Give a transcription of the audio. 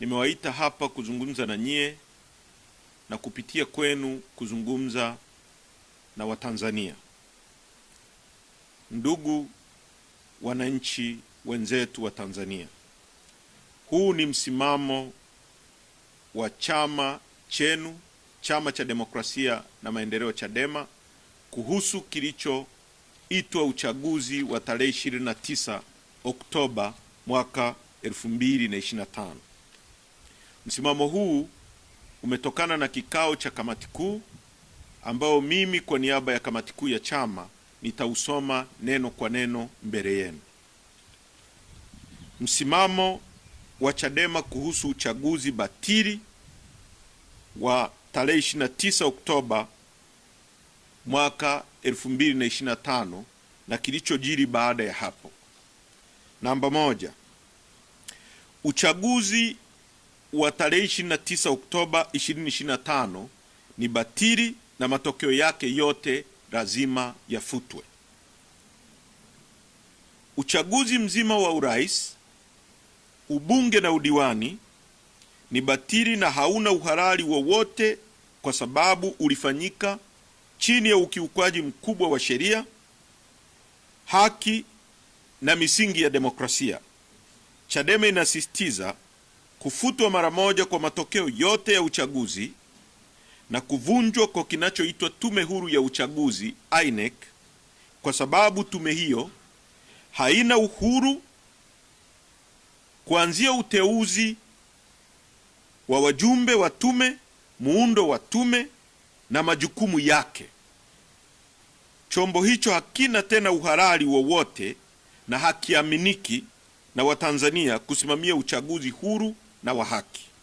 nimewaita hapa kuzungumza na nyie na kupitia kwenu kuzungumza na Watanzania. Ndugu wananchi wenzetu wa Tanzania, huu ni msimamo wa chama chenu, Chama cha Demokrasia na Maendeleo, CHADEMA, kuhusu kilichoitwa uchaguzi wa tarehe 29 Oktoba mwaka 2025. Msimamo huu umetokana na kikao cha kamati kuu ambao mimi kwa niaba ya kamati kuu ya chama nitausoma neno kwa neno mbele yenu. Msimamo wa Chadema kuhusu uchaguzi batili wa tarehe 29 Oktoba mwaka 2025 na kilichojiri baada ya hapo. Namba moja, uchaguzi wa tarehe 29 Oktoba 2025 ni batili na matokeo yake yote lazima yafutwe. Uchaguzi mzima wa urais, ubunge na udiwani ni batili na hauna uhalali wowote kwa sababu ulifanyika chini ya ukiukwaji mkubwa wa sheria, haki na misingi ya demokrasia. Chadema inasisitiza kufutwa mara moja kwa matokeo yote ya uchaguzi na kuvunjwa kwa kinachoitwa tume huru ya uchaguzi INEC, kwa sababu tume hiyo haina uhuru kuanzia uteuzi wa wajumbe wa tume, muundo wa tume na majukumu yake. Chombo hicho hakina tena uhalali wowote na hakiaminiki na Watanzania kusimamia uchaguzi huru na wa haki.